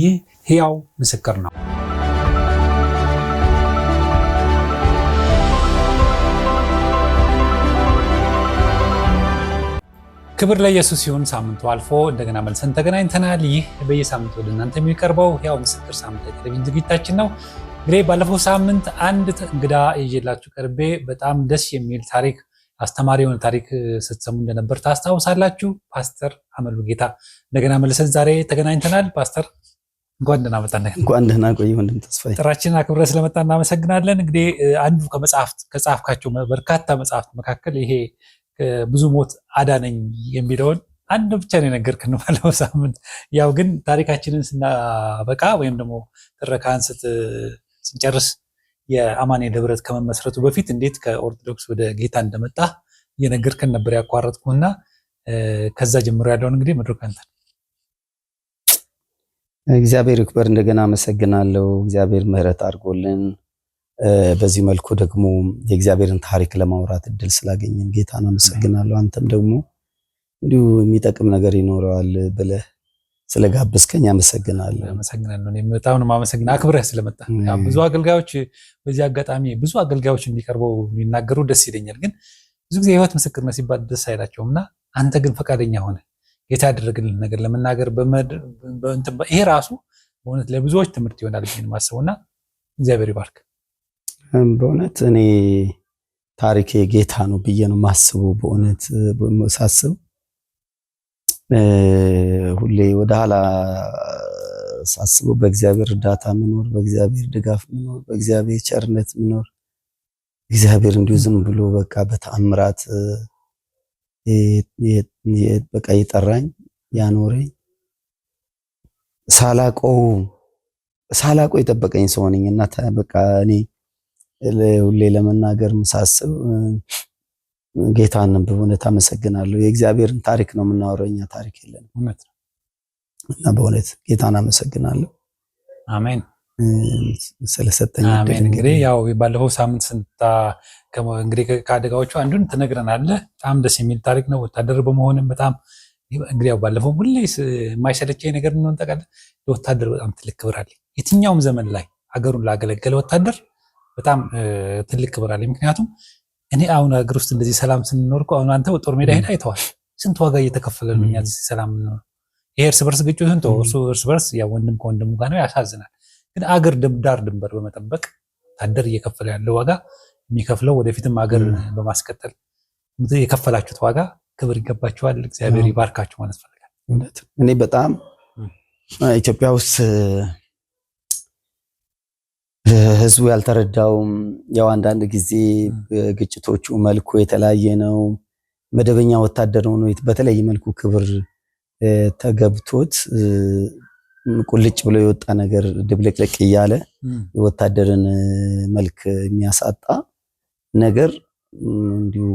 ይህ ሕያው ምስክር ነው። ክብር ለኢየሱስ ይሁን። ሳምንቱ አልፎ እንደገና መልሰን ተገናኝተናል። ይህ በየሳምንቱ ወደ እናንተ የሚቀርበው ሕያው ምስክር ሳምንት ቴሌቪዥን ዝግጅታችን ነው። እንግዲህ ባለፈው ሳምንት አንድ እንግዳ ይዤላችሁ ቀርቤ በጣም ደስ የሚል ታሪክ አስተማሪ የሆነ ታሪክ ስትሰሙ እንደነበር ታስታውሳላችሁ። ፓስተር አመሉ ጌታ እንደገና መልሰን ዛሬ ተገናኝተናል። ፓስተር እንኳን ደህና መጣ። እንኳን ደህና ቆይ ወንድም ተስፋዬ። ጥራችንን አክብረህ ስለመጣ እናመሰግናለን። እንግዲህ አንዱ ከመጽሐፍት ከጻፍካቸው በርካታ መጽሐፍት መካከል ይሄ ብዙ ሞት አዳነኝ የሚለውን አንድ ብቻ ነው የነገርክን ባለው ሳምንት። ያው ግን ታሪካችንን ስናበቃ ወይም ደግሞ ትረካህን ስንጨርስ የአማኔ ደብረት ከመመስረቱ በፊት እንዴት ከኦርቶዶክስ ወደ ጌታ እንደመጣ እየነገርከን ነበር ያቋረጥኩና ከዛ ጀምሮ ያለውን እንግዲህ መድረክ አንተን እግዚአብሔር ይክበር። እንደገና አመሰግናለሁ። እግዚአብሔር ምሕረት አድርጎልን በዚህ መልኩ ደግሞ የእግዚአብሔርን ታሪክ ለማውራት እድል ስላገኘን ጌታን አመሰግናለሁ። አንተም ደግሞ እንዲሁ የሚጠቅም ነገር ይኖረዋል ብለህ ስለጋብዝከኝ አመሰግናለሁ። አመሰግናለሁ። እኔም በጣም ነው የማመሰግነው አክብረህ ስለመጣ። ብዙ አገልጋዮች በዚህ አጋጣሚ ብዙ አገልጋዮች እንዲቀርበው የሚናገሩ ደስ ይለኛል፣ ግን ብዙ ጊዜ የህይወት ምስክርነት ሲባል ደስ አይላቸውም እና አንተ ግን ፈቃደኛ ሆነ የታደረግልን ነገር ለመናገር ይሄ ራሱ በእውነት ለብዙዎች ትምህርት ይሆናል ብዬ ነው የማስበው እና እግዚአብሔር ይባርክ። በእውነት እኔ ታሪኬ ጌታ ነው ብዬ ነው የማስበው። በእውነት ሳስብ ሁሌ ወደ ኋላ ሳስበው በእግዚአብሔር እርዳታ ምኖር በእግዚአብሔር ድጋፍ ምኖር፣ በእግዚአብሔር ቸርነት ምኖር እግዚአብሔር እንዲሁ ዝም ብሎ በቃ በተአምራት በቃ የጠራኝ ያኖረኝ ሳላቆ ሳላቆ የጠበቀኝ ሰው ነኝ እና በቃ እኔ ሁሌ ለመናገር ምሳስብ ጌታንም በእውነት አመሰግናለሁ። የእግዚአብሔርን ታሪክ ነው የምናወራው እኛ ታሪክ የለንም። እውነት እና በእውነት ጌታን አመሰግናለሁ። አሜን። ስለሰጠኝ እንግዲህ ያው ባለፈው ሳምንት ስንታ እንግዲህ ከአደጋዎቹ አንዱን ትነግረናለህ። በጣም ደስ የሚል ታሪክ ነው። ወታደር በመሆንም በጣም እንግዲህ ያው ባለፈው ሁሌ የማይሰለቸኝ ነገር እንደሆነ ታውቃለህ። ለወታደር በጣም ትልቅ ክብር አለ። የትኛውም ዘመን ላይ ሀገሩን ላገለገለ ወታደር በጣም ትልቅ ክብር አለ። ምክንያቱም እኔ አሁን ሀገር ውስጥ እንደዚህ ሰላም ስንኖርኩ አሁን አንተ ጦር ሜዳ ሄዳ አይተዋል። ስንት ዋጋ እየተከፈለ ነው እኛ ሰላም ይሄ እርስ በርስ ግጭቱን እርስ በርስ ወንድም ከወንድሙ ጋር ነው ያሳዝናል። ግን አገር ዳር ድንበር በመጠበቅ ታደር እየከፈለ ያለ ዋጋ የሚከፍለው ወደፊትም አገር በማስቀጠል የከፈላችሁት ዋጋ ክብር ይገባችኋል። እግዚአብሔር ይባርካችሁ ማለት ፈልጋል። እኔ በጣም ኢትዮጵያ ውስጥ ህዝቡ ያልተረዳውም ያው አንዳንድ ጊዜ ግጭቶቹ መልኩ የተለያየ ነው። መደበኛ ወታደር ሆኖ በተለያየ መልኩ ክብር ተገብቶት ቁልጭ ብሎ የወጣ ነገር ድብልቅልቅ እያለ የወታደርን መልክ የሚያሳጣ ነገር እንዲሁ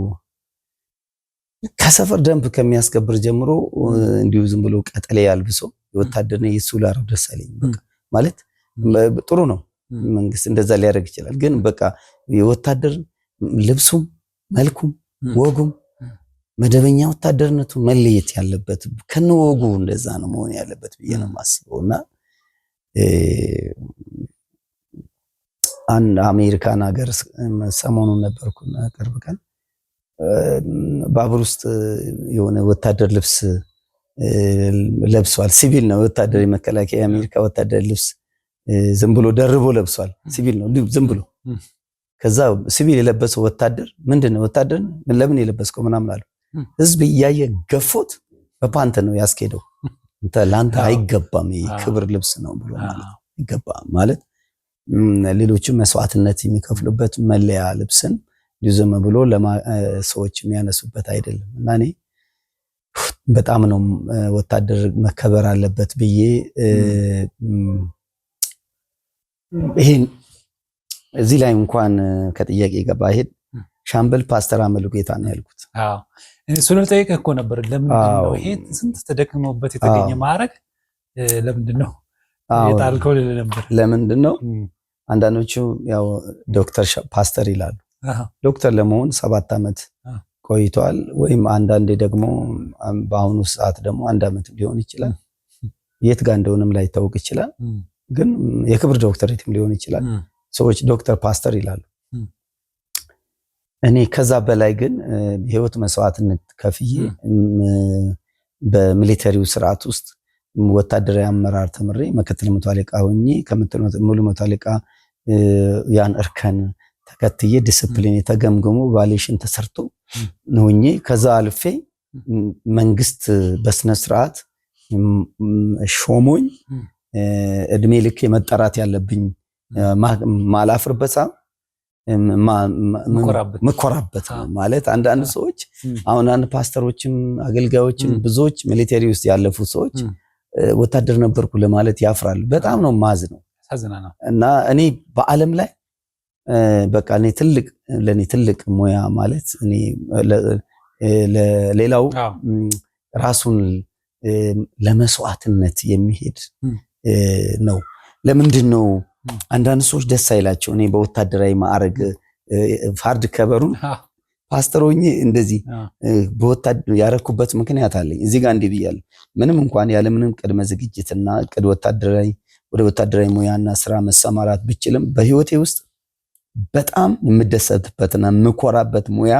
ከሰፈር ደንብ ከሚያስከብር ጀምሮ እንዲሁ ዝም ብሎ ቀጠሌ ያልብሶ የወታደር የሱ ላረብ ደስ አለኝ ማለት ጥሩ ነው። መንግስት እንደዛ ሊያደርግ ይችላል። ግን በቃ የወታደርን ልብሱም መልኩም ወጉም መደበኛ ወታደርነቱ መለየት ያለበት ከነወጉ እንደዛ ነው መሆን ያለበት ብዬ ነው የማስበው። እና አንድ አሜሪካን ሀገር ሰሞኑን ነበርኩ ቅርብ ቀን ባቡር ውስጥ የሆነ ወታደር ልብስ ለብሷል። ሲቪል ነው ወታደር፣ የመከላከያ የአሜሪካ ወታደር ልብስ ዝም ብሎ ደርቦ ለብሷል። ሲቪል ነው ዝም ብሎ። ከዛ ሲቪል የለበሰው ወታደር ምንድን ነው ወታደር ለምን የለበስከው ምናምን አሉ። ህዝብ እያየ ገፎት በፓንት ነው ያስኬደው። ላንተ አይገባም ክብር ልብስ ነው ብሎ ማለት አይገባም ማለት ሌሎችም መስዋዕትነት የሚከፍሉበት መለያ ልብስን ዝም ብሎ ሰዎች የሚያነሱበት አይደለም እና እኔ በጣም ነው ወታደር መከበር አለበት ብዬ ይሄን እዚህ ላይ እንኳን ከጥያቄ ገባ ይሄድ ሻምበል ፓስተር አመሉ ጌታ ነው ያልኩት እሱን ልጠይቅህ እኮ ነበር። ለምንድነው ይሄ ስንት ተደክመውበት የተገኘ ማዕረግ ለምንድን ነው የጣልከው? ልልህ ነበር። ለምንድን ነው አንዳንዶቹ ያው ዶክተር ፓስተር ይላሉ። ዶክተር ለመሆን ሰባት ዓመት ቆይተዋል፣ ወይም አንዳንዴ ደግሞ በአሁኑ ሰዓት ደግሞ አንድ ዓመት ሊሆን ይችላል። የት ጋር እንደሆነም ላይታወቅ ይችላል። ግን የክብር ዶክተሬትም ሊሆን ይችላል። ሰዎች ዶክተር ፓስተር ይላሉ። እኔ ከዛ በላይ ግን የህይወት መስዋዕትነት ከፍዬ በሚሊተሪው ስርዓት ውስጥ ወታደራዊ አመራር ተምሬ ምክትል መቶ አለቃ ሆኜ ሙሉ መቶ አለቃ ያን እርከን ተከትዬ ዲስፕሊን የተገምግሞ ቫሌሽን ተሰርቶ ሆኜ ከዛ አልፌ መንግስት በስነ ስርዓት ሾሞኝ እድሜ ልክ መጠራት ያለብኝ ማላፍርበሳ ምኮራበት ነው ማለት አንዳንድ ሰዎች አሁን አንድ ፓስተሮችም አገልጋዮችም ብዙዎች ሚሊተሪ ውስጥ ያለፉ ሰዎች ወታደር ነበርኩ ለማለት ያፍራሉ። በጣም ነው ማዝ ነው እና እኔ በዓለም ላይ በቃ እኔ ትልቅ ለእኔ ትልቅ ሙያ ማለት እኔ ለሌላው ራሱን ለመስዋዕትነት የሚሄድ ነው። ለምንድን ነው አንዳንድ ሰዎች ደስ አይላቸው። እኔ በወታደራዊ ማዕረግ ፋርድ ከበሩን ፓስተር ሆኜ እንደዚህ ያረኩበት ምክንያት አለኝ። እዚህ ጋር እንዲህ ብያለሁ። ምንም እንኳን ያለምንም ቅድመ ዝግጅትና ቅድ ወታደራዊ ወደ ወታደራዊ ሙያና ስራ መሰማራት ብችልም በህይወቴ ውስጥ በጣም የምደሰትበትና የምኮራበት ሙያ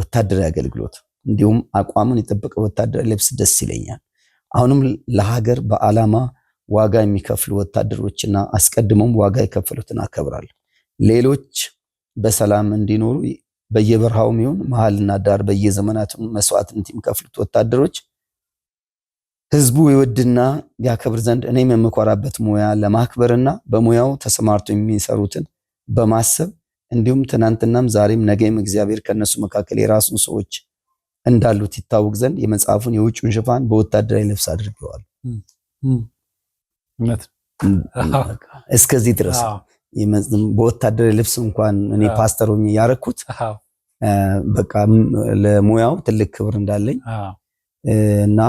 ወታደራዊ አገልግሎት፣ እንዲሁም አቋሙን የጠበቀ ወታደራዊ ልብስ ደስ ይለኛል። አሁንም ለሀገር በዓላማ ዋጋ የሚከፍሉ ወታደሮችና አስቀድመውም ዋጋ የከፈሉትን አከብራለሁ። ሌሎች በሰላም እንዲኖሩ በየበረሃውም ይሁን መሀልና ዳር በየዘመናት መስዋዕትነት የሚከፍሉት ወታደሮች ህዝቡ ይወድና ያከብር ዘንድ እኔ የምኮራበት ሙያ ለማክበርና በሙያው ተሰማርቶ የሚሰሩትን በማሰብ እንዲሁም ትናንትናም ዛሬም ነገም እግዚአብሔር ከነሱ መካከል የራሱን ሰዎች እንዳሉት ይታወቅ ዘንድ የመጽሐፉን የውጭውን ሽፋን በወታደራዊ ልብስ አድርገዋል። እስከዚህ ድረስ በወታደር ልብስ እንኳን እኔ ፓስተሩ ያረኩት በቃ ለሙያው ትልቅ ክብር እንዳለኝ እና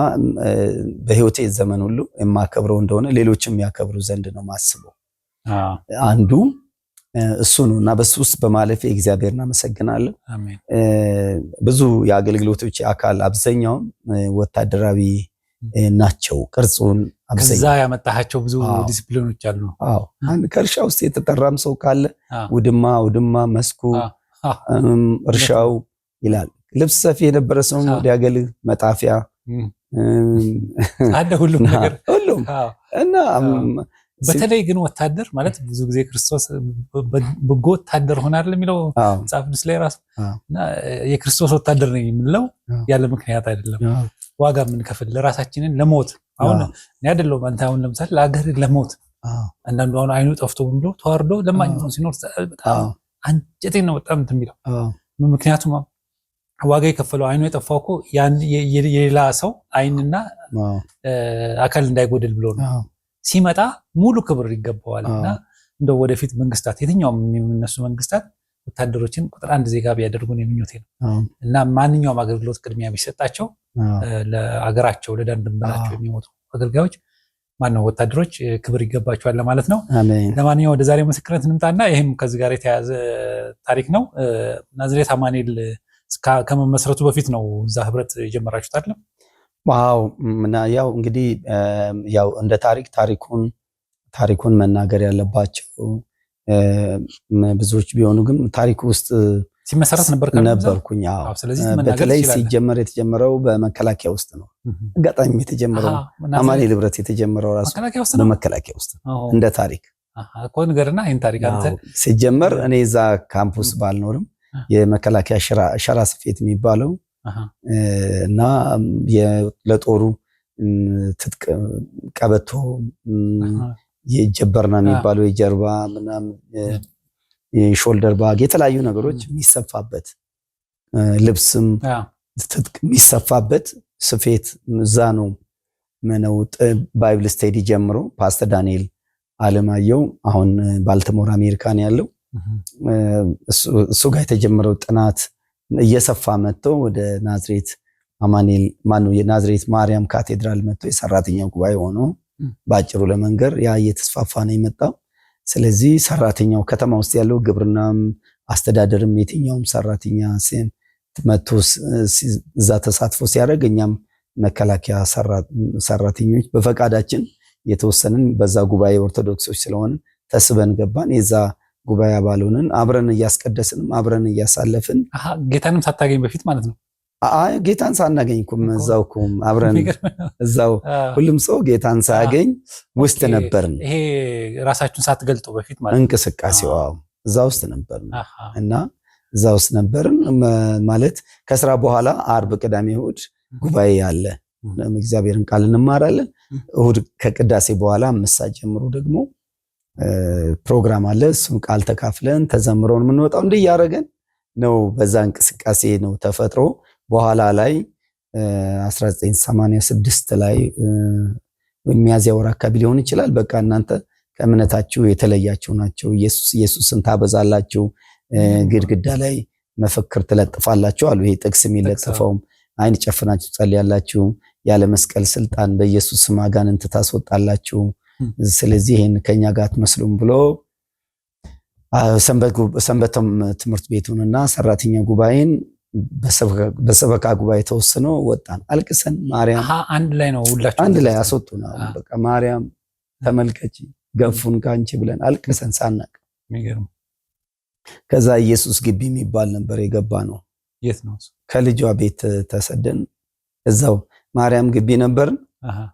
በህይወቴ ዘመን ሁሉ የማከብረው እንደሆነ ሌሎችም ያከብሩ ዘንድ ነው ማስበው። አንዱ እሱ ነው እና በሱ ውስጥ በማለፌ እግዚአብሔር እናመሰግናለን። ብዙ የአገልግሎቶች አካል አብዛኛውም ወታደራዊ ናቸው ቅርጹን ከዛ ያመጣቸው ብዙ ዲስፕሊኖች አሉ። ከእርሻ ውስጥ የተጠራም ሰው ካለ ውድማ ውድማ መስኩ እርሻው ይላል። ልብስ ሰፊ የነበረ ሰው ወዲያገል መጣፊያ አለ ሁሉም ነገር ሁሉም እና በተለይ ግን ወታደር ማለት ብዙ ጊዜ ክርስቶስ በጎ ወታደር ሆናል የሚለው መጽሐፍ ቅዱስ ላይ ራሱ የክርስቶስ ወታደር ነው የምንለው ያለ ምክንያት አይደለም። ዋጋ የምንከፍል ለራሳችንን ለሞት አሁን እኔ አይደለሁም አንተ አሁን ለምሳሌ ለሀገር ለሞት አንዳንዱ አሁን አይኑ ጠፍቶ ብሎ ተዋርዶ ለማኝ ሲኖር በጣም አንጀቴን ነው በጣም እንትን የሚለው ምክንያቱም ዋጋ የከፈለው አይኑ የጠፋው እኮ የሌላ ሰው አይንና አካል እንዳይጎድል ብሎ ነው። ሲመጣ ሙሉ ክብር ይገባዋል። እና እንደው ወደፊት መንግስታት፣ የትኛውም የሚነሱ መንግስታት ወታደሮችን ቁጥር አንድ ዜጋ ቢያደርጉን የምኞቴ ነው እና ማንኛውም አገልግሎት ቅድሚያ ቢሰጣቸው ለአገራቸው ለደንብላቸው የሚሞቱ አገልጋዮች ማነው ወታደሮች ክብር ይገባቸዋል ለማለት ነው። ለማንኛውም ወደ ዛሬ ምስክርነት እንምጣና ይህም ከዚህ ጋር የተያያዘ ታሪክ ነው። ናዝሬት አማኑኤል ከመመስረቱ በፊት ነው እዛ ህብረት የጀመራችሁት አይደለም? ዋው ያው እንግዲህ ያው እንደ ታሪክ ታሪኩን ታሪኩን መናገር ያለባቸው ብዙዎች ቢሆኑ ግን ታሪክ ውስጥ ሲመሰረት ነበር ነበርኩኝ። በተለይ ሲጀመር የተጀመረው በመከላከያ ውስጥ ነው። አጋጣሚ የተጀመረው አማኔ ልብረት የተጀመረው ራሱ በመከላከያ ውስጥ እንደ ታሪክ ነገርና ይህን ታሪክ ሲጀመር እኔ እዛ ካምፕስ ባልኖርም የመከላከያ ሸራ ስፌት የሚባለው እና ለጦሩ ትጥቅ ቀበቶ የጀበርና የሚባለው የጀርባ ምናምን የሾልደር ባግ የተለያዩ ነገሮች የሚሰፋበት ልብስም ትጥቅ የሚሰፋበት ስፌት እዛ ነው መነውጥ ባይብል ስቴዲ ጀምሮ ፓስተር ዳንኤል አለማየው አሁን ባልትሞር አሜሪካን ያለው እሱ ጋር የተጀመረው ጥናት እየሰፋ መጥቶ ወደ ናዝሬት አማኔል ማኑ የናዝሬት ማርያም ካቴድራል መጥቶ የሰራተኛው ጉባኤ ሆኖ በአጭሩ ለመንገር ያ እየተስፋፋ ነው የመጣው። ስለዚህ ሰራተኛው ከተማ ውስጥ ያለው ግብርናም አስተዳደርም የትኛውም ሰራተኛ መቶ እዛ ተሳትፎ ሲያደርግ እኛም መከላከያ ሰራተኞች በፈቃዳችን የተወሰንን በዛ ጉባኤ ኦርቶዶክሶች ስለሆን ተስበን ገባን። የዛ ጉባኤ አባል አብረን እያስቀደስንም አብረን እያሳለፍን ጌታንም ሳታገኝ በፊት ማለት ነው ጌታን ሳናገኝ እኮ እዛው እኮ አብረን እዛው ሁሉም ሰው ጌታን ሳያገኝ ውስጥ ነበርን። ይሄ ራሳችሁን ሳትገልጡ በፊት ማለት እንቅስቃሴው እዛ ውስጥ ነበርን እና እዛ ውስጥ ነበርን ማለት ከስራ በኋላ አርብ፣ ቅዳሜ፣ እሁድ ጉባኤ አለ። እግዚአብሔርን ቃል እንማራለን። እሁድ ከቅዳሴ በኋላ አምስት ሰዓት ጀምሮ ደግሞ ፕሮግራም አለ። እሱም ቃል ተካፍለን ተዘምረውን የምንወጣው እንዲህ እያደረገን ነው። በዛ እንቅስቃሴ ነው ተፈጥሮ በኋላ ላይ 1986 ላይ ሚያዝያ ወር አካባቢ ሊሆን ይችላል። በቃ እናንተ ከእምነታችሁ የተለያችሁ ናቸው፣ ኢየሱስ ኢየሱስን ታበዛላችሁ፣ ግድግዳ ላይ መፈክር ትለጥፋላችሁ አሉ። ይሄ ጥቅስ የሚለጥፈውም አይን ጨፍናችሁ ትጸልያላችሁ፣ ያለ መስቀል ስልጣን በኢየሱስ አጋንንት ታስወጣላችሁ፣ ስለዚህ ይሄን ከኛ ጋር አትመስሉም ብሎ ሰንበት ትምህርት ቤቱንና ሰራተኛ ጉባኤን በሰበካ ጉባኤ ተወስኖ ወጣን። አልቅሰን ማርያም አንድ ላይ ነው ሁላችሁ አንድ ላይ አስወጡና በቃ ማርያም ተመልከች ገፉን ከአንቺ ብለን አልቅሰን ሳናቅ። ከዛ ኢየሱስ ግቢ የሚባል ነበር የገባ ነው ከልጇ ቤት ተሰደን እዛው ማርያም ግቢ ነበርን።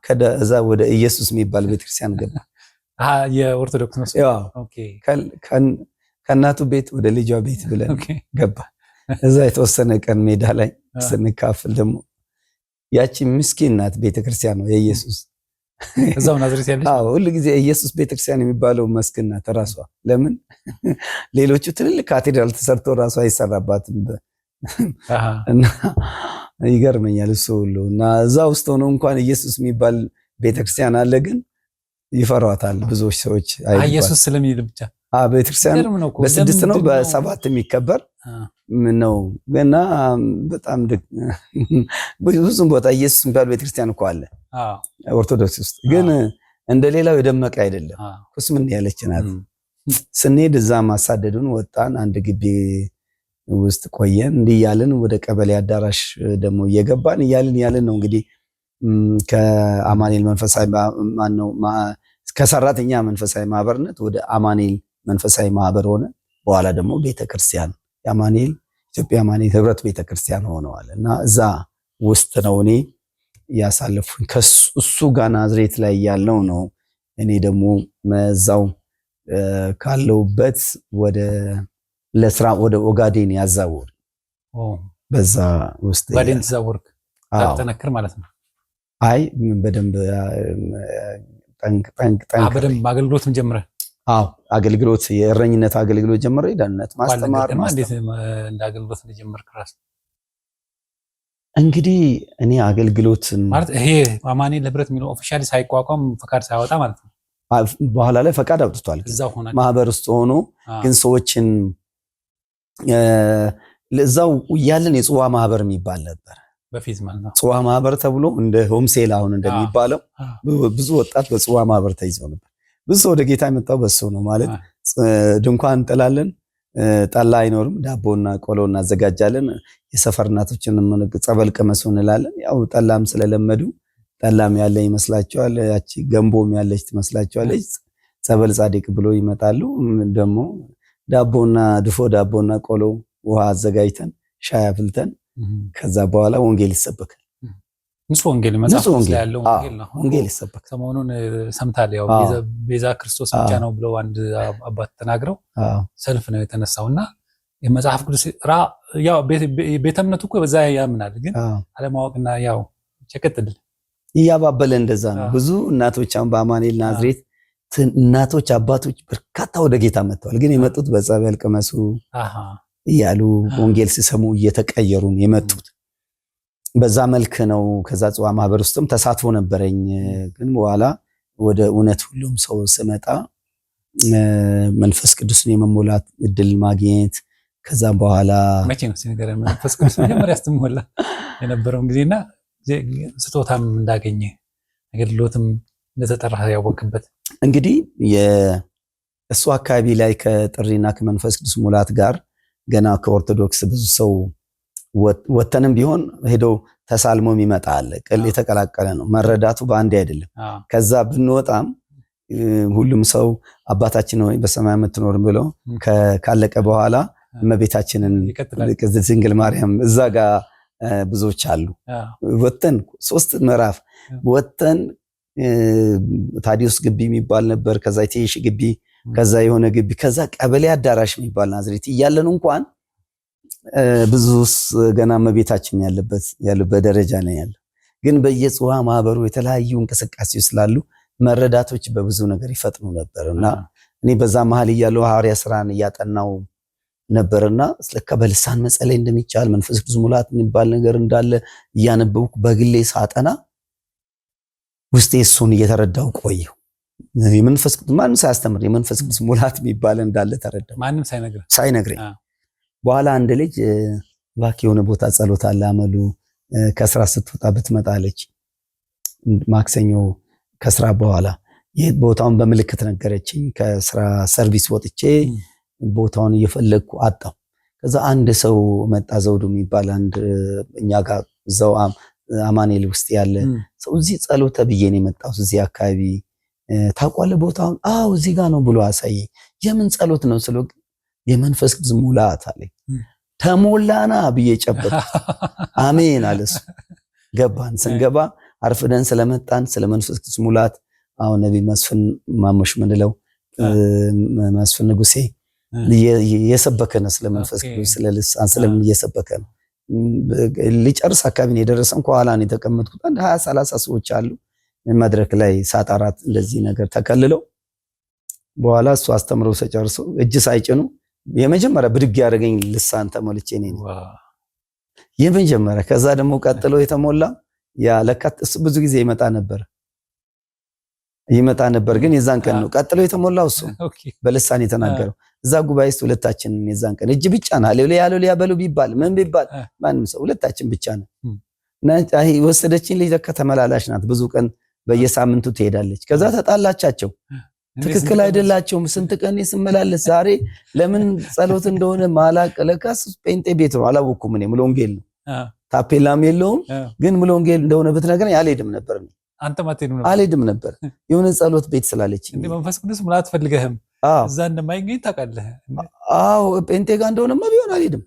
ከዛ ወደ ኢየሱስ የሚባል ቤተክርስቲያን ገባ የኦርቶዶክስ ከእናቱ ቤት ወደ ልጇ ቤት ብለን ገባ እዛ የተወሰነ ቀን ሜዳ ላይ ስንካፍል ደግሞ ያቺ ምስኪን ናት ቤተክርስቲያን ነው የኢየሱስ እዛው ናዝሬት ያለች። ሁሉ ጊዜ ኢየሱስ ቤተክርስቲያን የሚባለው መስክናት ናት ራሷ። ለምን ሌሎቹ ትልልቅ ካቴድራል ተሰርቶ ራሷ አይሰራባትም። እና ይገርመኛል እሱ ሁሉ እና እዛ ውስጥ ሆኖ እንኳን ኢየሱስ የሚባል ቤተክርስቲያን አለ፣ ግን ይፈሯታል ብዙዎች ሰዎች ኢየሱስ ስለሚል ብቻ ቤተክርስቲያን በስድስት ነው በሰባት የሚከበር ነው። ገና በጣም ብዙም ቦታ ኢየሱስ የሚባል ቤተክርስቲያን እኮ አለ ኦርቶዶክስ ውስጥ፣ ግን እንደ ሌላው የደመቀ አይደለም። እሱ ምን ያለች ናት። ስንሄድ እዛ ማሳደዱን ወጣን። አንድ ግቢ ውስጥ ቆየን። እንዲህ እያልን ወደ ቀበሌ አዳራሽ ደግሞ እየገባን እያልን እያልን ነው እንግዲህ ከአማኔል መንፈሳዊ ማነው ከሰራተኛ መንፈሳዊ ማህበርነት ወደ አማኔል መንፈሳዊ ማህበር ሆነ። በኋላ ደግሞ ቤተክርስቲያን የአማኑኤል ኢትዮጵያ አማኑኤል ህብረት ቤተክርስቲያን ሆነዋል እና እዛ ውስጥ ነው እኔ ያሳለፉኝ። ከእሱ ጋር ናዝሬት ላይ ያለው ነው። እኔ ደግሞ መዛው ካለውበት ወደ ለስራ ወደ ኦጋዴን ያዛወር በዛ ውስጥ ኦጋዴን ማለት ነው። አይ በደንብ ጠንቅ ጠንቅ ጠንቅ በደንብ አገልግሎትም ጀምረ አዎ አገልግሎት የእረኝነት አገልግሎት ጀምሮ ይዳነት ማስተማር እንደ አገልግሎት እንደጀመርክ ክራስ እንግዲህ እኔ አገልግሎት ማለት ይሄ አማኑኤል ለብረት የሚለው ኦፊሻሊ ሳይቋቋም ፈቃድ ሳያወጣ ማለት ነው። በኋላ ላይ ፈቃድ አውጥቷል፣ ማህበር ውስጥ ሆኖ ግን ሰዎችን እዛው ያለን የጽዋ ማህበር የሚባል ነበር በፊት ማለት ነው። ጽዋ ማህበር ተብሎ እንደ ሆምሴል አሁን እንደሚባለው ብዙ ወጣት በጽዋ ማህበር ተይዘው ነበር። ብዙ ሰው ወደ ጌታ የመጣው በሱ ነው ማለት ድንኳን እንጥላለን፣ ጠላ አይኖርም፣ ዳቦና ቆሎ እናዘጋጃለን። የሰፈር እናቶችን ጸበል ቅመሱ እንላለን። ያው ጠላም ስለለመዱ ጠላም ያለ ይመስላቸዋል፣ ያቺ ገንቦም ያለች ትመስላቸዋለች። ጸበል ጻድቅ ብሎ ይመጣሉ። ደግሞ ዳቦና ድፎ ዳቦና ቆሎ ውሃ አዘጋጅተን ሻይ አፍልተን ከዛ በኋላ ወንጌል ይሰበካል። ንጹህ ወንጌል መጽሐፍ ያለው ወንጌል ነው። ወንጌል ይሰበክ ሰሞኑን ሰምታል። ያው ቤዛ ክርስቶስ ብቻ ነው ብለው አንድ አባት ተናግረው ሰልፍ ነው የተነሳው እና የመጽሐፍ ቅዱስ ራ ያው ቤተ እምነቱ እኮ በዛ ያምናል፣ ግን አለማወቅና ያው ቸቅጥል እያባበለ እንደዛ ነው። ብዙ እናቶች በአማኑኤል ናዝሬት እናቶች አባቶች በርካታ ወደ ጌታ መጥተዋል፣ ግን የመጡት በጸበል ቅመሱ እያሉ ወንጌል ሲሰሙ እየተቀየሩን የመጡት በዛ መልክ ነው። ከዛ ጽዋ ማህበር ውስጥም ተሳትፎ ነበረኝ። ግን በኋላ ወደ እውነት ሁሉም ሰው ስመጣ መንፈስ ቅዱስን የመሞላት እድል ማግኘት ከዛ በኋላ መቼ ነው ሲነገረ መንፈስ ቅዱስ መጀመሪያ ስትሞላ የነበረውን ጊዜና ስጦታም እንዳገኘ አገልግሎትም እንደተጠራ ያወቅበት እንግዲህ እሱ አካባቢ ላይ ከጥሪና ከመንፈስ ቅዱስ ሙላት ጋር ገና ከኦርቶዶክስ ብዙ ሰው ወተንም ቢሆን ሄዶ ተሳልሞ የሚመጣ አለ። ቅል የተቀላቀለ ነው መረዳቱ በአንድ አይደለም። ከዛ ብንወጣም ሁሉም ሰው አባታችን ሆይ በሰማይ የምትኖር ብሎ ካለቀ በኋላ እመቤታችንን ቅድስት ድንግል ማርያም እዛ ጋር ብዙዎች አሉ። ወተን ሶስት ምዕራፍ ወተን ታዲዮስ ግቢ የሚባል ነበር። ከዛ የቴሽ ግቢ፣ ከዛ የሆነ ግቢ፣ ከዛ ቀበሌ አዳራሽ የሚባል ናዝሬት እያለን እንኳን ብዙ ገና እመቤታችን ያለበት ያለበት ደረጃ ላይ ያለ። ግን በየጽዋ ማህበሩ የተለያዩ እንቅስቃሴ ስላሉ መረዳቶች በብዙ ነገር ይፈጥኑ ነበር እና እኔ በዛ መሀል እያለው ሐዋርያ ስራን እያጠናው ነበርና ስለከ በልሳን መጸለይ እንደሚቻል መንፈስ ቅዱስ ሙላት የሚባል ነገር እንዳለ እያነበብኩ በግሌ ሳጠና ውስጤ እሱን እየተረዳው ቆየው። የመንፈስ ቅዱስ ማንም ሳያስተምር የመንፈስ ቅዱስ ሙላት የሚባል እንዳለ ተረዳ፣ ማንም ሳይነግረኝ በኋላ አንድ ልጅ እባክህ የሆነ ቦታ ጸሎት አለ አመሉ ከስራ ስትወጣ ብትመጣለች ማክሰኞ ከስራ በኋላ ይህ ቦታውን በምልክት ነገረችኝ። ከስራ ሰርቪስ ወጥቼ ቦታውን እየፈለግኩ አጣው። ከዛ አንድ ሰው መጣ፣ ዘውዱ የሚባል አንድ እኛ ጋር እዛው አማኔል ውስጥ ያለ ሰው እዚህ ጸሎተ ብዬን ነው እዚህ አካባቢ ታውቋለህ ቦታውን? አዎ እዚህ ጋር ነው ብሎ አሳየ። የምን ጸሎት ነው ስለ የመንፈስ ቅዱስ ሙላት አለኝ። ተሞላና ብዬ ጨበጥ አሜን አለሱ ገባን። ስንገባ አርፍደን ስለመጣን ስለ መንፈስ ቅዱስ ሙላት አሁን ነቢይ መስፍን ማሞሽ ምንለው መስፍን ንጉሴ እየሰበከ ነው። ስለ መንፈስ ቅዱስ ስለ ልሳን ስለምን እየሰበከ ነው። ሊጨርስ አካባቢ ነው የደረሰ። እንኳ ነው የተቀመጥኩት። አንድ ሀያ ሰላሳ ሰዎች አሉ መድረክ ላይ ሳጣራት እንደዚህ ነገር ተከልለው በኋላ እሱ አስተምረው ተጨርሰው እጅ ሳይጭኑ የመጀመሪያ ብድግ ያደረገኝ ልሳን ተሞልቼ እኔ ነኝ የመጀመሪያ። ከዛ ደግሞ ቀጥሎ የተሞላ ያ ለካ እሱ ብዙ ጊዜ ይመጣ ነበር ይመጣ ነበር፣ ግን የዛን ቀን ነው ቀጥሎ የተሞላው እሱ በልሳን የተናገረው። እዛ ጉባኤ ውስጥ ሁለታችንን የዛን ቀን እጅ ብቻ ና ሃሌሉያ ሃሌሉያ በሉ ቢባል ምን ቢባል ማንም ሰው ሁለታችን ብቻ ነው? ወሰደችኝ ልጅ ለካ ተመላላሽ ናት። ብዙ ቀን በየሳምንቱ ትሄዳለች። ከዛ ተጣላቻቸው ትክክል አይደላቸውም። ስንት ቀን ስመላለስ ዛሬ ለምን ጸሎት እንደሆነ ማላቅ ለካስ ጴንጤ ቤት ነው አላወቅኩም። እኔ ምሎንጌል ነው ታፔላም የለውም ግን ምሎንጌል እንደሆነ ብትነግረኝ አልሄድም ነበር አልሄድም ነበር። የሆነ ጸሎት ቤት ስላለች መንፈስ ቅዱስ ምላት ፈልገህም እዛ እንደማይገኝ ታውቃለህ። አዎ ጴንጤ ጋር እንደሆነማ ቢሆን አልሄድም።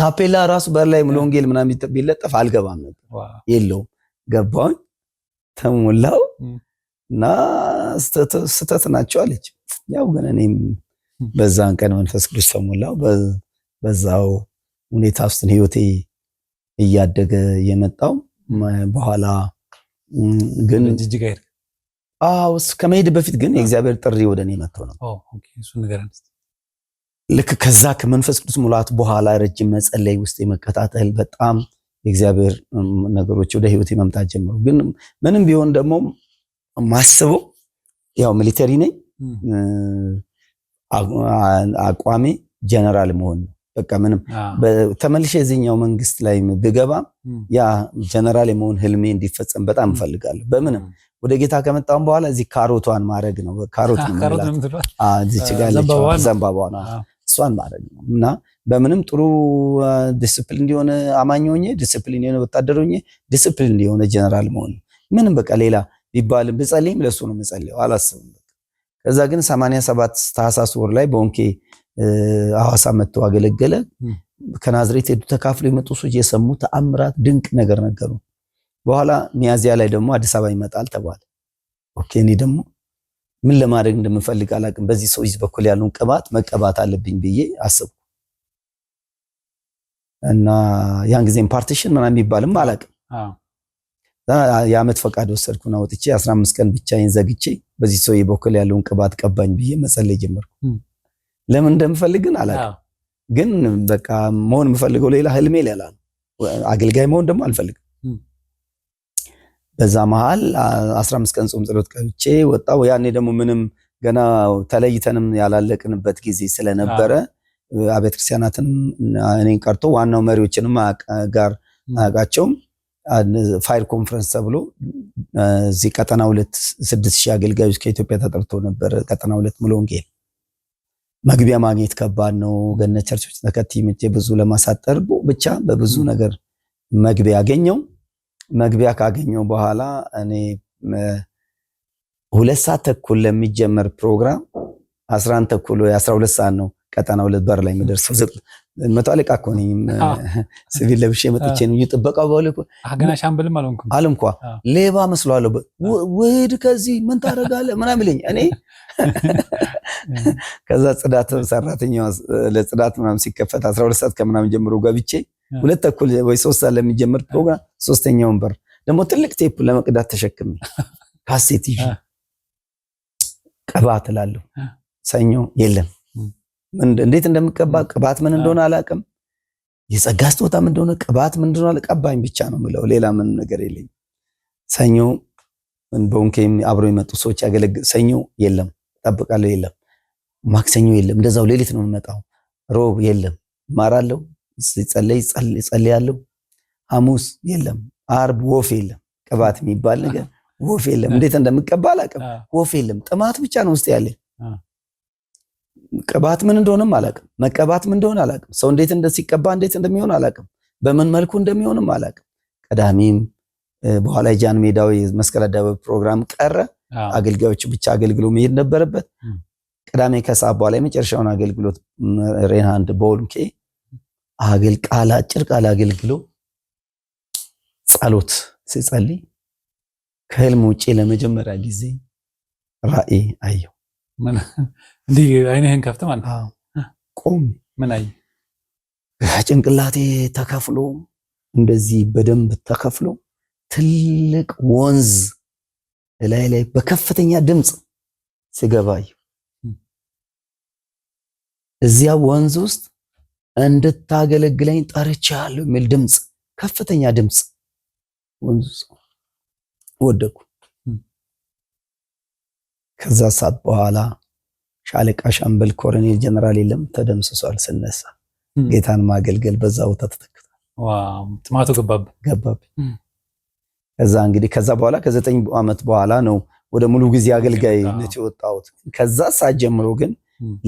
ታፔላ ራሱ በር ላይ ምሎንጌል ምናምን ቢለጠፍ አልገባም ነበር። የለውም ገባውኝ ተሞላው እና ስተት ናቸው አለች። ያው ግን እኔም በዛን ቀን መንፈስ ቅዱስ ተሞላው። በዛው ሁኔታ ውስጥ ህይወቴ እያደገ የመጣው በኋላ ግን አዎ ከመሄድ በፊት ግን የእግዚአብሔር ጥሪ ወደ እኔ መጥቶ ነው። ልክ ከዛ ከመንፈስ ቅዱስ ሙላት በኋላ ረጅም መጸለይ ውስጥ የመከታተል በጣም የእግዚአብሔር ነገሮች ወደ ህይወቴ መምጣት ጀመሩ። ግን ምንም ቢሆን ደግሞ ማስበው ያው ሚሊተሪ ነኝ። አቋሜ ጀነራል መሆን ነው። በቃ ምንም ተመልሼ የዚህኛው መንግስት ላይ ብገባም ያ ጀነራል የመሆን ህልሜ እንዲፈጸም በጣም እፈልጋለሁ። በምንም ወደ ጌታ ከመጣሁም በኋላ እዚህ ካሮቷን ማድረግ ነው። ካሮት ነው እዚች እሷን ማድረግ ነው እና በምንም ጥሩ ዲስፕሊን የሆነ አማኝ ሆኜ ዲስፕሊን የሆነ ወታደር ሆኜ ዲስፕሊን የሆነ ጀነራል መሆን ምንም በቃ ሌላ ቢባልም ብጸልይም ለሱ ነው የምጸልየው፣ አላስብም። ከዛ ግን 87 ታህሳስ ወር ላይ በኦንኬ ሐዋሳ መጥቶ አገለገለ። ከናዝሬት ሄዱ ተካፍሎ የመጡ ሰዎች የሰሙ ተአምራት፣ ድንቅ ነገር ነገሩ። በኋላ ሚያዚያ ላይ ደግሞ አዲስ አበባ ይመጣል ተባለ። ኦኬ እኔ ደግሞ ምን ለማድረግ እንደምፈልግ አላቅም። በዚህ ሰውዬ በኩል ያለውን ቅባት መቀባት አለብኝ ብዬ አስብኩ እና ያን ጊዜም ፓርቲሽን ምናምን የሚባልም አላቅም የአመት ፈቃድ ወሰድኩና ወጥቼ 15 ቀን ብቻዬን ዘግቼ በዚህ ሰው በኩል ያለውን ቅባት ቀባኝ ብዬ መጸለይ ጀመርኩ። ለምን እንደምፈልግ ግን አላውቅም። ግን በቃ መሆን የምፈልገው ሌላ ህልሜ ሌላ ነው። አገልጋይ መሆን ደግሞ አልፈልግም። በዛ መሃል 15 ቀን ጾም ጸሎት ቀብቼ ወጣው። ያኔ ደግሞ ምንም ገና ተለይተንም ያላለቅንበት ጊዜ ስለነበረ አብያተ ክርስቲያናትንም እኔን ቀርቶ ዋናው መሪዎችንም ጋር አውቃቸውም ፋይር ኮንፈረንስ ተብሎ እዚህ ቀጠና ሁለት ስድስት ሺህ አገልጋዮች ከኢትዮጵያ ተጠርቶ ነበር። ቀጠና ሁለት ሙሉ ወንጌል መግቢያ ማግኘት ከባድ ነው። ገነ ቸርቾች ተከቲ ምቼ ብዙ ለማሳጠር ብቻ በብዙ ነገር መግቢያ አገኘው። መግቢያ ካገኘው በኋላ እኔ ሁለት ሰዓት ተኩል ለሚጀመር ፕሮግራም አስራ አንድ ተኩል ወይ አስራ ሁለት ሰዓት ነው ቀጠና ሁለት በር ላይ የሚደርሰው መቶ አለቃ እኮ ነኝ። ሲቪል ለብሼ መጥቼ ነው እየጠበቀው ባለ ገና ሻምብልም አልሆንኩም። አልምኳ ሌባ መስሏለሁ። ውህድ ከዚህ ምን ታደርጋለህ ምናምን ይለኝ እኔ ከዛ ጽዳት ሰራተኛ ለጽዳት ምናምን ሲከፈት 12 ሰዓት ከምናምን ጀምሮ ገብቼ ሁለት ተኩል ወይ ሶስት ሰዓት ለሚጀምር ፕሮግራም ሶስተኛውን በር ደግሞ ትልቅ ቴፕ ለመቅዳት ተሸክም ካሴት ይዤ ቀባ ትላለሁ። ሰኞ የለም እንዴት እንደምቀባ ቅባት ምን እንደሆነ አላቅም። የጸጋ ስጦታ ምን እንደሆነ ቅባት ምን እንደሆነ ቀባኝ ብቻ ነው ምለው፣ ሌላ ምንም ነገር የለኝ። ሰኞ በወንኬም አብሮ የመጡ ሰዎች ያገለግ ሰኞ የለም፣ ጠብቃለሁ የለም። ማክሰኞ የለም፣ እንደዛው ሌሊት ነው የምመጣው። ሮብ የለም፣ ማራለሁ፣ ይጸለይ ይጸልያለሁ። ሐሙስ የለም፣ አርብ ወፍ የለም፣ ቅባት የሚባል ነገር ወፍ የለም። እንዴት እንደምቀባ አላቅም። ወፍ የለም፣ ጥማት ብቻ ነው ውስጥ ያለኝ ቅባት ምን እንደሆነም አላቅም። መቀባት ምን እንደሆነ አላቅም። ሰው እንዴት እንደሲቀባ እንዴት እንደሚሆን አላቅም። በምን መልኩ እንደሚሆንም አላቅም። ቀዳሚም በኋላ የጃን ሜዳው መስቀል አደባባይ ፕሮግራም ቀረ። አገልጋዮች ብቻ አገልግሎ መሄድ ነበረበት። ቅዳሜ ከሰዓት በኋላ የመጨረሻውን አገልግሎት ሬንሃንድ በወልኬ አገል ቃል አጭር ቃል አገልግሎ ጸሎት ሲጸልይ ከህልም ውጪ ለመጀመሪያ ጊዜ ራእይ አየሁ። እንዲህ አይንህን ከፍተ ማለት ቆም ምን አይ ጭንቅላቴ ተከፍሎ እንደዚህ በደንብ ተከፍሎ ትልቅ ወንዝ ላይ ላይ በከፍተኛ ድምፅ ሲገባዩ እዚያ ወንዝ ውስጥ እንድታገለግለኝ ጠርቻለሁ የሚል ድምፅ፣ ከፍተኛ ድምፅ ወንዝ ወደኩ። ከዛ ሰዓት በኋላ ሻለቃ፣ ሻምበል፣ ኮሎኔል፣ ጀነራል የለም ተደምስሷል። ስነሳ ጌታን ማገልገል በዛ ቦታ ተተክቷል። ጥማቱ ገባብ ገባብ። ከዛ እንግዲህ ከዛ በኋላ ከዘጠኝ ዓመት በኋላ ነው ወደ ሙሉ ጊዜ አገልጋይነት የወጣሁት። ከዛ ሰዓት ጀምሮ ግን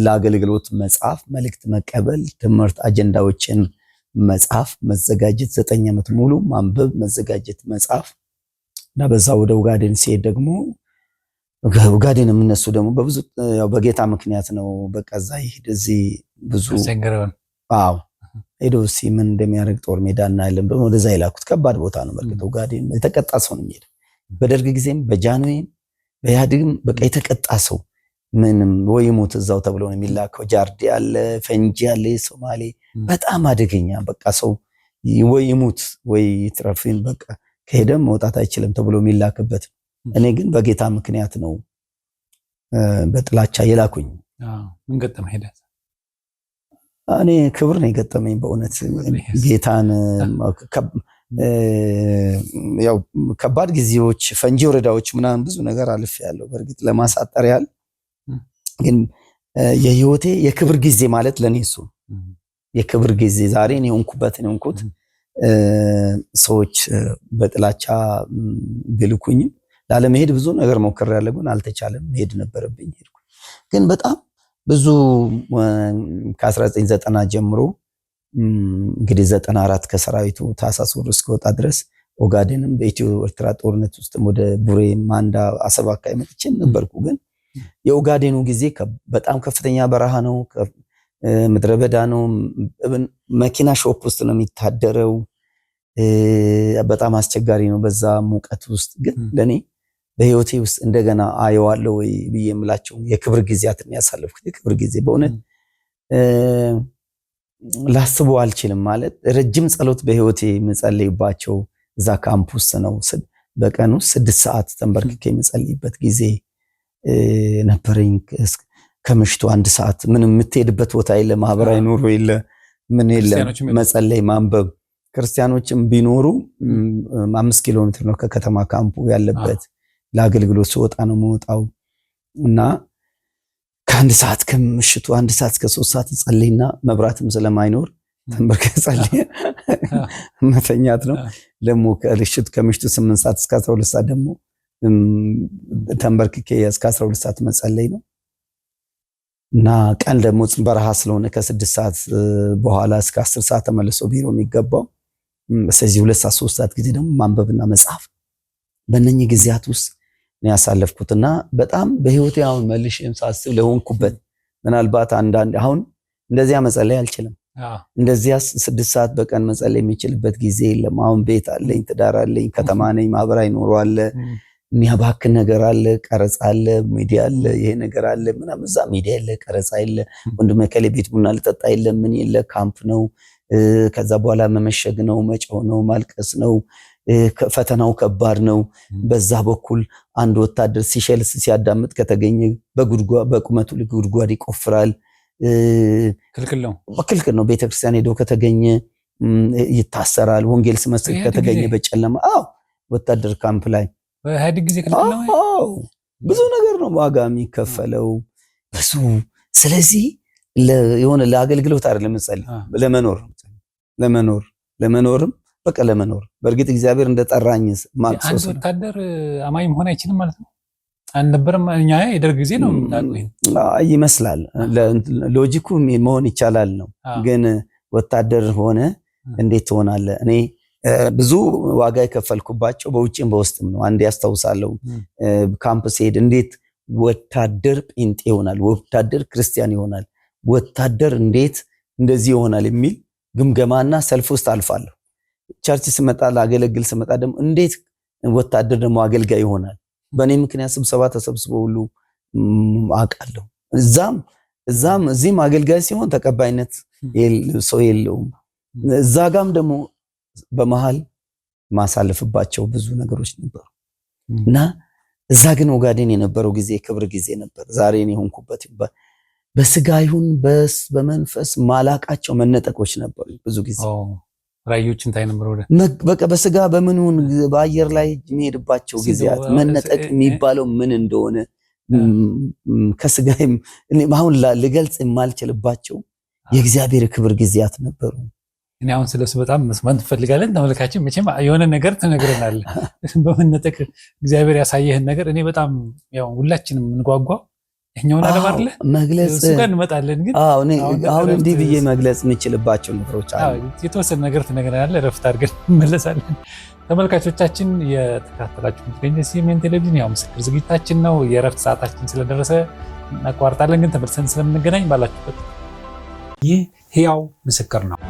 ለአገልግሎት መጽሐፍ፣ መልእክት መቀበል፣ ትምህርት አጀንዳዎችን መጽሐፍ መዘጋጀት፣ ዘጠኝ ዓመት ሙሉ ማንበብ፣ መዘጋጀት፣ መጽሐፍ እና በዛ ወደ ሲሄድ ደግሞ ኦጋዴን የምነሱ ደግሞ በብዙ ያው በጌታ ምክንያት ነው። በቃ እዛ ይሄድ እዚህ ብዙ አዎ ሄዶ እስኪ ምን እንደሚያደርግ ጦር ሜዳ እናያለን ብሎ ወደዛ የላኩት ከባድ ቦታ ነው። በርግጥ ኦጋዴን የተቀጣ ሰው ነው የሚሄደው። በደርግ ጊዜም በጃንዌም በኢህአዴግም በቃ የተቀጣ ሰው ምንም ወይ ሞት እዛው ተብሎ ነው የሚላከው። ጃርዲ አለ፣ ፈንጂ አለ፣ የሶማሌ በጣም አደገኛ በቃ ሰው ወይ ይሙት ወይ ይትረፍን በቃ ከሄደም መውጣት አይችልም ተብሎ የሚላክበት እኔ ግን በጌታ ምክንያት ነው በጥላቻ የላኩኝ። ምን ገጠመ ሄደ? እኔ ክብር ነው የገጠመኝ በእውነት ጌታን ያው ከባድ ጊዜዎች ፈንጂ ወረዳዎች ምናምን ብዙ ነገር አልፍ ያለው በእርግጥ ለማሳጠር ያህል ግን የህይወቴ የክብር ጊዜ ማለት ለእኔ እሱ የክብር ጊዜ ዛሬ እኔ ሆንኩበት ነው ሆንኩት። ሰዎች በጥላቻ ቢልኩኝም ላለመሄድ ብዙ ነገር ሞክሬያለሁ፣ ግን አልተቻለም። መሄድ ነበረብኝ ሄድኩ። ግን በጣም ብዙ ከ1990 ጀምሮ እንግዲህ 94 ከሰራዊቱ ታህሳስ ወር እስከወጣ ድረስ ኦጋዴንም በኢትዮ ኤርትራ ጦርነት ውስጥ ወደ ቡሬ፣ ማንዳ፣ አሰብ አካባቢ መጥቼም ነበርኩ። ግን የኦጋዴኑ ጊዜ በጣም ከፍተኛ በረሃ ነው፣ ምድረ በዳ ነው። መኪና ሾፕ ውስጥ ነው የሚታደረው። በጣም አስቸጋሪ ነው በዛ ሙቀት ውስጥ ግን ለእኔ በህይወቴ ውስጥ እንደገና አየዋለሁ ወይ ብዬ የምላቸው የክብር ጊዜያትን ያሳለፍኩት የክብር ጊዜ በእውነት ላስቡ አልችልም። ማለት ረጅም ጸሎት በህይወቴ የምጸልይባቸው እዛ ካምፕ ውስጥ ነው። በቀኑ ስድስት ሰዓት ተንበርክኬ የምጸልይበት ጊዜ ነበረኝ። ከምሽቱ አንድ ሰዓት ምንም የምትሄድበት ቦታ የለ፣ ማህበራዊ ኑሮ የለ፣ ምን የለም፣ መጸለይ ማንበብ። ክርስቲያኖችም ቢኖሩ አምስት ኪሎ ሜትር ነው ከከተማ ካምፑ ያለበት ለአገልግሎት ስወጣ ነው መወጣው እና ከአንድ ሰዓት ከምሽቱ አንድ ሰዓት ከሶስት ሰዓት ጸልይና መብራትም ስለማይኖር ተንበርከ ጸልይ መተኛት ነው። ደግሞ ከልሽት ከምሽቱ ስምንት ሰዓት እስከ አስራ ሁለት ሰዓት ደግሞ ተንበርክኬ እስከ አስራ ሁለት ሰዓት መጸለይ ነው እና ቀን ደግሞ በረሃ ስለሆነ ከስድስት ሰዓት በኋላ እስከ አስር ሰዓት ተመልሶ ቢሮ የሚገባው ስለዚህ ሁለት ሰዓት ሶስት ሰዓት ጊዜ ደግሞ ማንበብና መጽሐፍ በእነኚህ ጊዜያት ውስጥ ነው ያሳለፍኩት እና በጣም በህይወቴ አሁን መልሼም ሳስብ ለሆንኩበት ምናልባት አንዳንድ አሁን እንደዚያ መጸለይ አልችልም። እንደዚያ ስድስት ሰዓት በቀን መጸለይ የሚችልበት ጊዜ የለም። አሁን ቤት አለኝ፣ ትዳር አለኝ፣ ከተማ ነኝ፣ ማህበራዊ ኑሮ አለ፣ የሚያባክን ነገር አለ፣ ቀረጻ አለ፣ ሚዲያ አለ፣ ይሄ ነገር አለ ምናምን። እዛ ሚዲያ የለ፣ ቀረጻ የለ፣ ወንድሜ ከሌ ቤት ቡና ልጠጣ የለ፣ ምን የለ፣ ካምፕ ነው። ከዛ በኋላ መመሸግ ነው፣ መጮህ ነው፣ ማልቀስ ነው፣ ፈተናው ከባድ ነው። በዛ በኩል አንድ ወታደር ሲሸልስ ሲያዳምጥ ከተገኘ በቁመቱ ጉድጓድ ይቆፍራል። ክልክል ነው፣ ቤተክርስቲያን ሄዶ ከተገኘ ይታሰራል። ወንጌል ስመስል ከተገኘ በጨለማ አዎ፣ ወታደር ካምፕ ላይ ጊዜ ብዙ ነገር ነው ዋጋ የሚከፈለው ብዙ። ስለዚህ የሆነ ለአገልግሎት አይደለም ለመኖር ለመኖር ለመኖርም በቃ ለመኖር በእርግጥ እግዚአብሔር እንደጠራኝስ ማክሶስ አንድ ወታደር አማኝ መሆን አይችልም ማለት ነው። አልነበረም እኛ የደርግ ጊዜ ነው ይመስላል። ሎጂኩ መሆን ይቻላል ነው። ግን ወታደር ሆነ እንዴት ትሆናለህ? እኔ ብዙ ዋጋ የከፈልኩባቸው በውጭም በውስጥም ነው። አንድ ያስታውሳለሁ፣ ካምፕ ሲሄድ እንዴት ወታደር ጴንጤ ይሆናል? ወታደር ክርስቲያን ይሆናል? ወታደር እንዴት እንደዚህ ይሆናል? የሚል ግምገማና ሰልፍ ውስጥ አልፋለሁ። ቸርች ስመጣ ላገለግል ስመጣ ደግሞ እንዴት ወታደር ደግሞ አገልጋይ ይሆናል? በእኔ ምክንያት ስብሰባ ተሰብስቦ ሁሉ አውቃለሁ። እዛም እዛም እዚህም አገልጋይ ሲሆን ተቀባይነት ሰው የለውም። እዛ ጋም ደግሞ በመሃል ማሳለፍባቸው ብዙ ነገሮች ነበሩ እና እዛ ግን ኦጋዴን የነበረው ጊዜ ክብር ጊዜ ነበር። ዛሬን የሆንኩበት በስጋ ይሁን በመንፈስ ማላቃቸው መነጠቆች ነበሩ ብዙ ጊዜ ራዮችን ታይ ነበር። ወደ በቃ በስጋ በምንሁን በአየር ላይ የሚሄድባቸው ጊዜያት መነጠቅ የሚባለው ምን እንደሆነ ከስጋ አሁን ልገልጽ የማልችልባቸው የእግዚአብሔር ክብር ጊዜያት ነበሩ። እኔ አሁን ስለሱ በጣም መስማት እንፈልጋለን። ተመልካችን መቼም የሆነ ነገር ትነግረናለህ። በመነጠቅ እግዚአብሔር ያሳየህን ነገር እኔ በጣም ያው ሁላችንም እንጓጓው እኛውን አለማለ መግለጽ ጋር እንመጣለን። ግን አሁን እንዲህ ብዬ መግለጽ የምችልባቸው ነገሮች አሉ። የተወሰነ ነገር ትነግረናለህ፣ እረፍት አድርገን እንመለሳለን። ተመልካቾቻችን የተከታተላችሁ የምትገኘ ሲሜን ቴሌቪዥን ያው ምስክር ዝግጅታችን ነው። የእረፍት ሰዓታችን ስለደረሰ እናቋርጣለን፣ ግን ተመልሰን ስለምንገናኝ ባላችሁበት ይህ ህያው ምስክር ነው።